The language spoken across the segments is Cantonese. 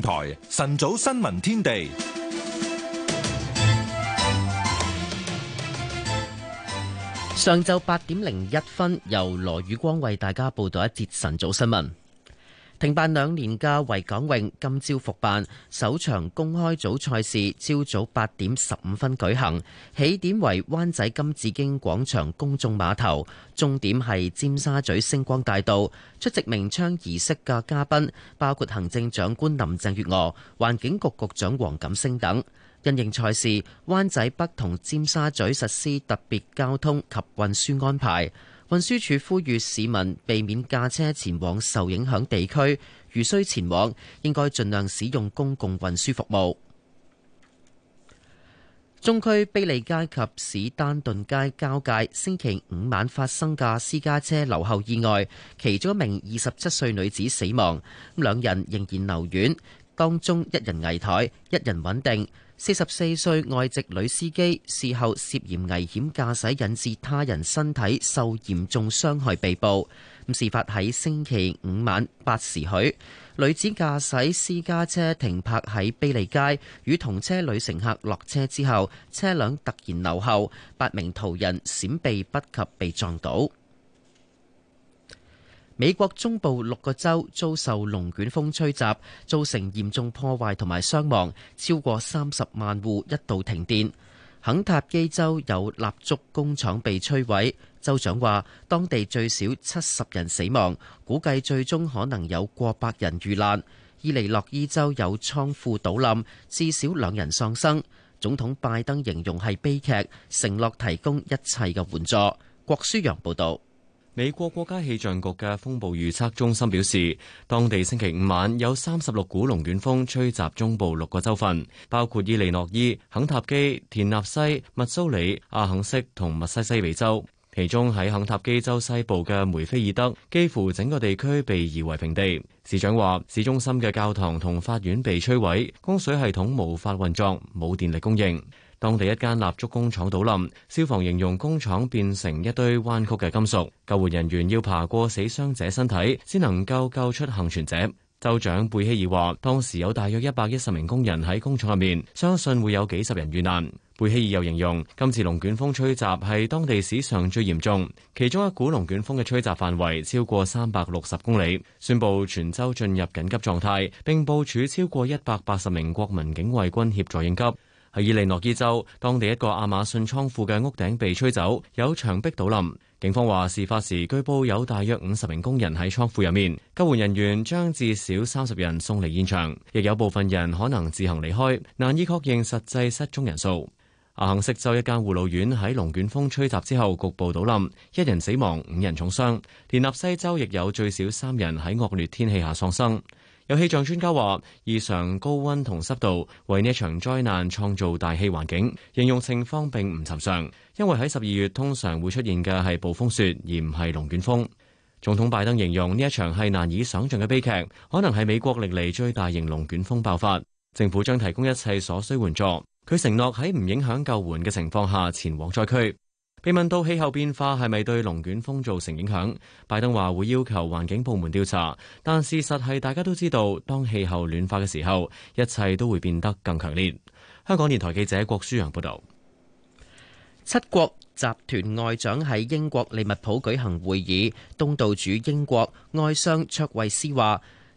台晨早新聞天地，上晝八點零一分，由羅宇光為大家報道一節晨早新聞。停辦兩年嘅維港泳今朝復辦，首場公開組賽事朝早八點十五分舉行，起點為灣仔金紫荊廣場公眾碼頭，終點係尖沙咀星光大道。出席鳴槍儀式嘅嘉賓包括行政長官林鄭月娥、環境局局長黃錦星等。因應賽事，灣仔北同尖沙咀實施特別交通及運輸安排。運輸署呼籲市民避免駕車前往受影響地區，如需前往，應該盡量使用公共運輸服務。中區卑利街及史丹頓街交界星期五晚發生架私家車留後意外，其中一名二十七歲女子死亡，咁兩人仍然留院，當中一人危殆，一人穩定。四十四歲外籍女司機事後涉嫌危險駕駛，引致他人身體受嚴重傷害被捕。咁事發喺星期五晚八時許，女子駕駛私家車停泊喺卑利街，與同車女乘客落車之後，車輛突然留後，八名途人閃避不及被撞倒。美國中部六個州遭受龍捲風吹襲，造成嚴重破壞同埋傷亡，超過三十萬戶一度停電。肯塔基州有蠟燭工廠被摧毀，州長話當地最少七十人死亡，估計最終可能有過百人遇難。伊利諾伊州有倉庫倒冧，至少兩人喪生。總統拜登形容係悲劇，承諾提供一切嘅援助。郭書陽報導。美國國家氣象局嘅風暴預測中心表示，當地星期五晚有三十六股龍捲風吹襲中部六個州份，包括伊利諾伊、肯塔基、田納西、密蘇里、阿肯色同密西西比州。其中喺肯塔基州西部嘅梅菲爾德，幾乎整個地區被夷為平地。市長話，市中心嘅教堂同法院被摧毀，供水系統無法運作，冇電力供應。當地一間蠟燭工廠倒冧，消防形容工廠變成一堆彎曲嘅金屬，救援人員要爬過死傷者身體，先能夠救出幸存者。州長貝希爾話：當時有大約一百一十名工人喺工廠入面，相信會有幾十人遇難。貝希爾又形容今次龍捲風吹襲係當地史上最嚴重，其中一股龍捲風嘅吹襲範圍超過三百六十公里，宣布全州進入緊急狀態，並部署超過一百八十名國民警衛軍協助應急。伊利諾伊州當地一個亞馬遜倉庫嘅屋頂被吹走，有牆壁倒冧。警方話事發時據報有大約五十名工人喺倉庫入面，救援人員將至少三十人送離現場，亦有部分人可能自行離開，難以確認實際失蹤人數。阿肯色州一間護老院喺龍捲風吹襲之後局部倒冧，一人死亡，五人重傷。田納西州亦有最少三人喺惡劣天氣下喪生。有氣象專家話：異常高溫同濕度為呢一場災難創造大氣環境，形容情況並唔尋常。因為喺十二月通常會出現嘅係暴風雪，而唔係龍捲風。總統拜登形容呢一場係難以想像嘅悲劇，可能係美國歷嚟最大型龍捲風爆發。政府將提供一切所需援助，佢承諾喺唔影響救援嘅情況下前往災區。被問到氣候變化係咪對龍捲風造成影響，拜登話會要求環境部門調查，但事實係大家都知道，當氣候暖化嘅時候，一切都會變得更強烈。香港電台記者郭舒揚報導。七國集團外長喺英國利物浦舉行會議，東道主英國外相卓慧思話。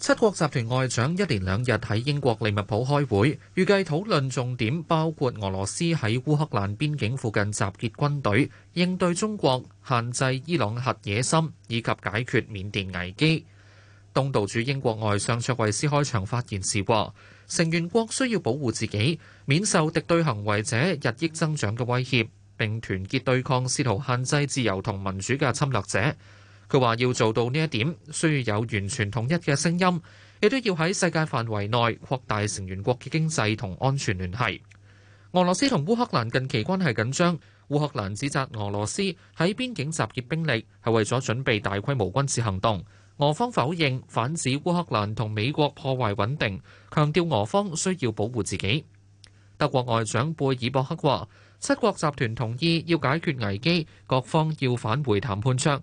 七國集團外長一連兩日喺英國利物浦開會，預計討論重點包括俄羅斯喺烏克蘭邊境附近集結軍隊、應對中國限制伊朗核野心，以及解決緬甸危機。東道主英國外相卓慧斯開場發言時話：成員國需要保護自己，免受敵對行為者日益增長嘅威脅，並團結對抗試圖限制自由同民主嘅侵略者。佢話：要做到呢一點，需要有完全統一嘅聲音，亦都要喺世界範圍內擴大成員國嘅經濟同安全聯繫。俄羅斯同烏克蘭近期關係緊張，烏克蘭指責俄羅斯喺邊境集結兵力，係為咗準備大規模軍事行動。俄方否認，反指烏克蘭同美國破壞穩定，強調俄方需要保護自己。德國外長貝爾博克話：七國集團同意要解決危機，各方要返回談判桌。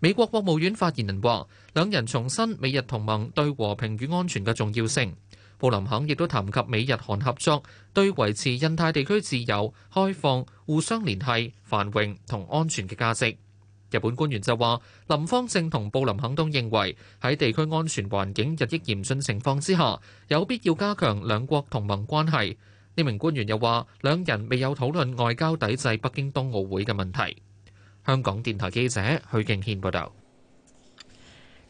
美國國務院發言人話：兩人重申美日同盟對和平與安全嘅重要性。布林肯亦都談及美日韓合作對維持印太地區自由、開放、互相聯繫、繁榮同安全嘅價值。日本官員就話：林芳正同布林肯都認為喺地區安全環境日益嚴峻情況之下，有必要加強兩國同盟關係。呢名官員又話：兩人未有討論外交抵制北京冬奧會嘅問題。香港電台記者許敬軒報道：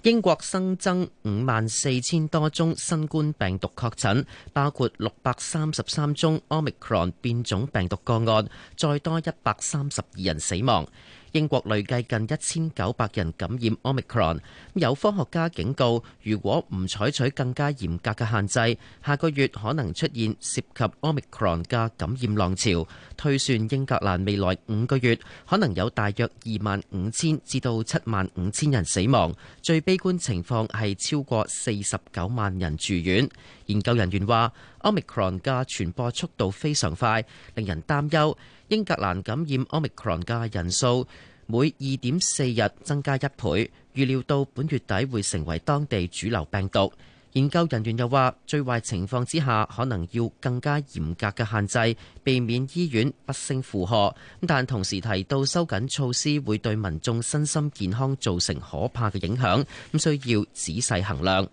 英國新增五萬四千多宗新冠病毒確診，包括六百三十三宗 Omicron 變種病毒個案，再多一百三十二人死亡。英國累計近一千九百人感染 omicron，有科學家警告，如果唔採取更加嚴格嘅限制，下個月可能出現涉及 omicron 嘅感染浪潮。推算英格蘭未來五個月可能有大約二萬五千至到七萬五千人死亡，最悲觀情況係超過四十九萬人住院。研究人員話，Omicron 嘅傳播速度非常快，令人擔憂。英格蘭感染 Omicron 嘅人數每二點四日增加一倍，預料到本月底會成為當地主流病毒。研究人員又話，最壞情況之下，可能要更加嚴格嘅限制，避免醫院不勝負荷。但同時提到，收緊措施會對民眾身心健康造成可怕嘅影響，咁需要仔細衡量。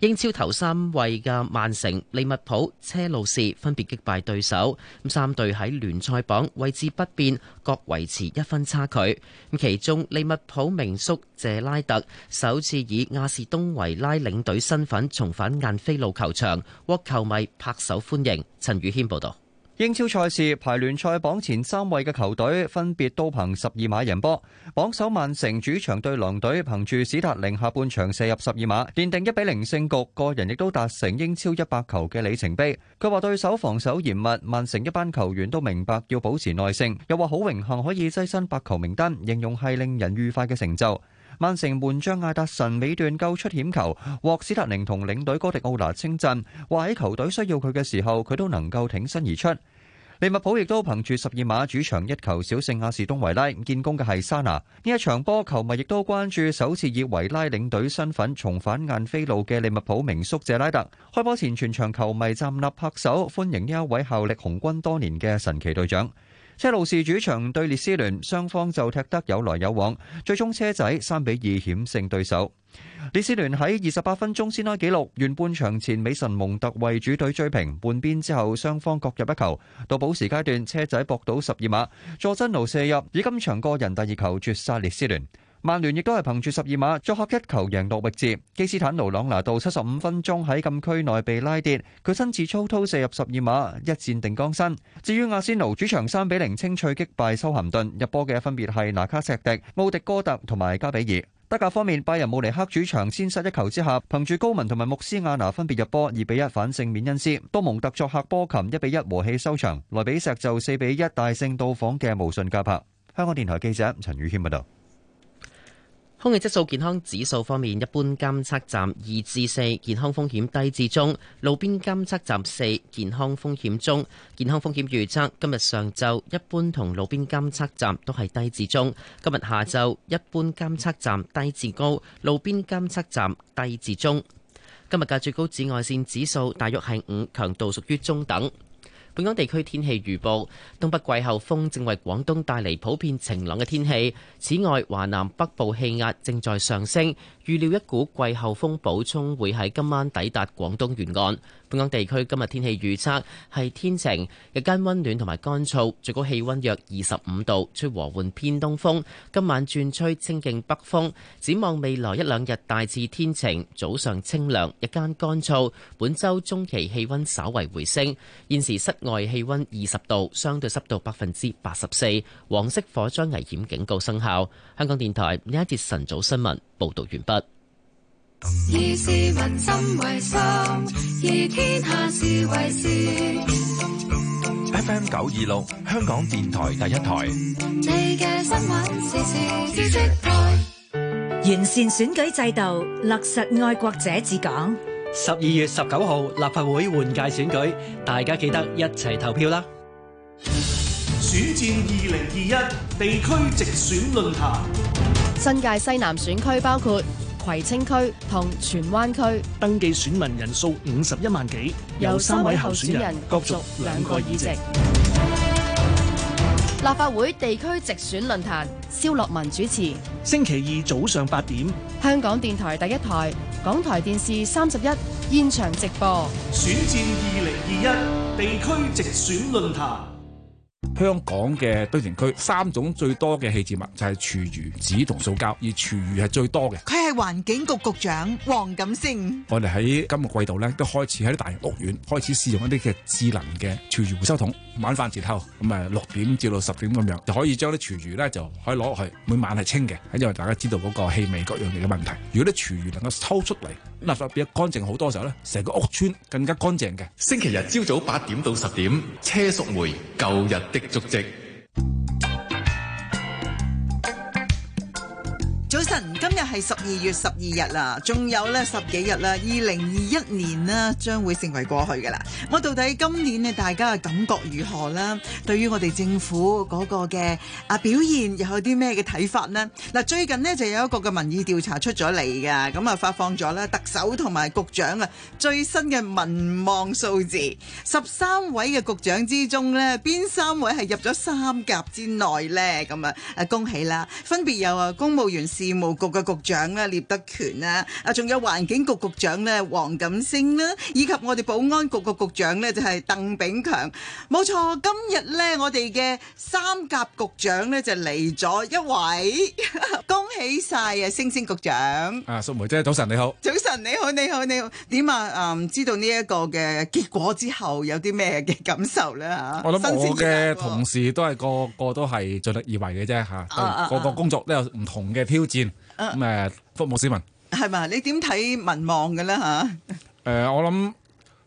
英超頭三位嘅曼城、利物浦、車路士分別擊敗對手，咁三隊喺聯賽榜位置不變，各維持一分差距。其中利物浦名宿謝拉特首次以亞士東維拉領隊身份重返晏菲路球場，獲球迷拍手歡迎。陳宇謙報道。英超賽事排聯賽榜前三位嘅球隊分別都憑十二碼贏波，榜首曼城主場對狼隊憑住史達寧下半場射入十二碼，奠定一比零勝局。個人亦都達成英超一百球嘅里程碑。佢話對手防守嚴密，曼城一班球員都明白要保持耐性，又話好榮幸可以躋身百球名單，形容係令人愉快嘅成就。曼城門將艾達臣尾段救出險球，獲斯特寧同領隊哥迪奧拿稱讚，話喺球隊需要佢嘅時候，佢都能夠挺身而出。利物浦亦都憑住十二碼主場一球小勝亞士東維拉，建功嘅係沙拿。呢一場波球迷亦都關注首次以維拉領隊身份重返晏菲路嘅利物浦名宿謝拉特，開波前全場球迷站立拍手歡迎呢一位效力紅軍多年嘅神奇隊長。車路士主場對列斯聯，雙方就踢得有來有往，最終車仔三比二險勝對手。列斯聯喺二十八分鐘先開紀錄，完半場前，美神蒙特為主隊追平。半邊之後，雙方各入一球，到補時階段，車仔搏到十二碼，佐真奴射入，以今場個人第二球絕殺列斯聯。曼聯亦都係憑住十二碼作客一球贏諾域治。基斯坦奴朗拿度七十五分鐘喺禁區內被拉跌，佢親自操刀射入十二碼，一戰定江山。至於阿仙奴主場三比零清脆擊敗修咸頓，入波嘅分別係拿卡石迪、奧迪哥特同埋加比爾。德甲方面，拜仁慕尼克主場先失一球之下，憑住高文同埋穆斯亞拿分別入波，二比一反勝緬恩斯。多蒙特作客波琴一比一和氣收場。萊比錫就四比一大勝到訪嘅慕遜加柏。香港電台記者陳宇謙報道。空氣質素健康指數方面，一般監測站二至四，健康風險低至中；路邊監測站四，健康風險中。健康風險預測，今日上晝一般同路邊監測站都係低至中，今日下晝一般監測站低至高，路邊監測站低至中。今日嘅最高紫外綫指數大約係五，強度屬於中等。本港地區天氣預報：東北季候風正為廣東帶嚟普遍晴朗嘅天氣。此外，華南北部氣壓正在上升，預料一股季候風補充會喺今晚抵達廣東沿岸。本港地區今日天氣預測係天晴，日間溫暖同埋乾燥，最高氣溫約二十五度，吹和緩偏東風。今晚轉吹清勁北風。展望未來一兩日大致天晴，早上清涼，日間乾燥。本週中期氣溫稍為回升。現時室外氣溫二十度，相對濕度百分之八十四，黃色火災危險警告生效。香港電台呢一節晨早新聞報道完畢。以市民心為心，以天下事為事。FM 九二六，香港電台第一台。完善選舉制度，落實愛國者治港。十二月十九號，立法會換屆選舉，大家記得一齊投票啦！選戰二零二一，地區直選論壇。新界西南選區包括，葵青區同荃灣區登記選民人數五十一萬幾，有三位候選人角逐兩個議席。立法會地區直選論壇，蕭樂文主持。星期二早上八點，香港電台第一台、港台電視三十一現場直播選戰二零二一地區直選論壇。香港嘅堆填區三種最多嘅棄置物就係廚餘、紙同塑膠，而廚餘係最多嘅。佢係環境局局長黃錦星。我哋喺今個季度咧都開始喺大型屋苑開始試用一啲嘅智能嘅廚餘回收桶。晚飯前後咁誒六點至到十點咁樣就可以將啲廚餘咧就可以攞落去，每晚係清嘅，因為大家知道嗰個氣味各樣嘢嘅問題。如果啲廚餘能夠抽出嚟。垃圾變得乾淨好多時候呢，成個屋村更加乾淨嘅。星期日朝早八點到十點，車淑梅舊日的足跡。十二月十二日啦，仲有咧十幾日啦，二零二一年啦將會成為過去噶啦。我到底今年咧大家嘅感覺如何啦？對於我哋政府嗰個嘅啊表現又有啲咩嘅睇法咧？嗱，最近咧就有一個嘅民意調查出咗嚟噶，咁啊發放咗咧特首同埋局長啊最新嘅民望數字，十三位嘅局長之中咧邊三位係入咗三甲之內咧？咁啊啊恭喜啦，分別有啊公務員事務局嘅局長。長啦，聶德權啦，啊，仲有環境局局長咧，黃錦星啦，以及我哋保安局局長咧，就係鄧炳強。冇錯，今日咧，我哋嘅三甲局長咧就嚟咗一位，恭喜晒啊，星星局長。啊，淑梅姐，早晨你好。早晨你好，你好，你好。點啊？誒，唔知道呢一個嘅結果之後，有啲咩嘅感受咧？吓，我諗我嘅同事都係個個都係盡力而為嘅啫，吓，個個工作都有唔同嘅挑戰。咁誒服務市民係嘛？你點睇民望嘅咧嚇？誒、 呃、我諗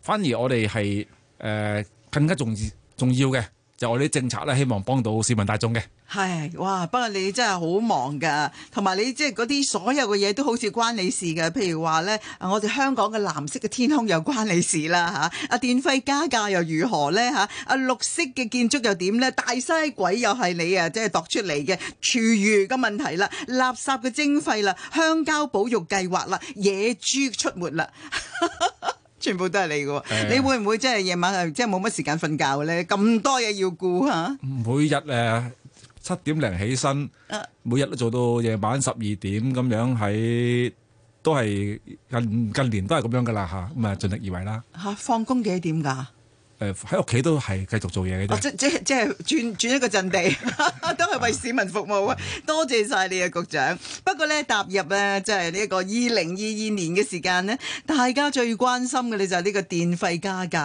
反而我哋係誒更加重要重要嘅。就我啲政策咧，希望幫到市民大眾嘅。係，哇！不過你真係好忙噶，同埋你即係嗰啲所有嘅嘢都好似關你事噶。譬如話咧，我哋香港嘅藍色嘅天空又關你事啦吓。阿、啊、電費加價又如何咧吓？阿、啊、綠色嘅建築又點咧？大嘥鬼又係你啊！即係度出嚟嘅廚餘嘅問題啦，垃圾嘅徵費啦，鄉郊保育計劃啦，野豬出沒啦。哈哈哈哈全部都係你嘅，你會唔會即係夜晚係即係冇乜時間瞓覺咧？咁多嘢要顧吓。每日誒七點零起身，每日都做到夜晚十二點咁樣，喺都係近近年都係咁樣嘅啦嚇。咁啊，盡力而為啦。嚇，放工幾點㗎？誒喺屋企都係繼續做嘢嘅。哦、啊，即即即係轉轉一個陣地， 都係為市民服務啊！ 多謝晒你啊，局長。不過咧，踏入咧即係呢一個二零二二年嘅時間咧，大家最關心嘅咧就係呢個電費加價。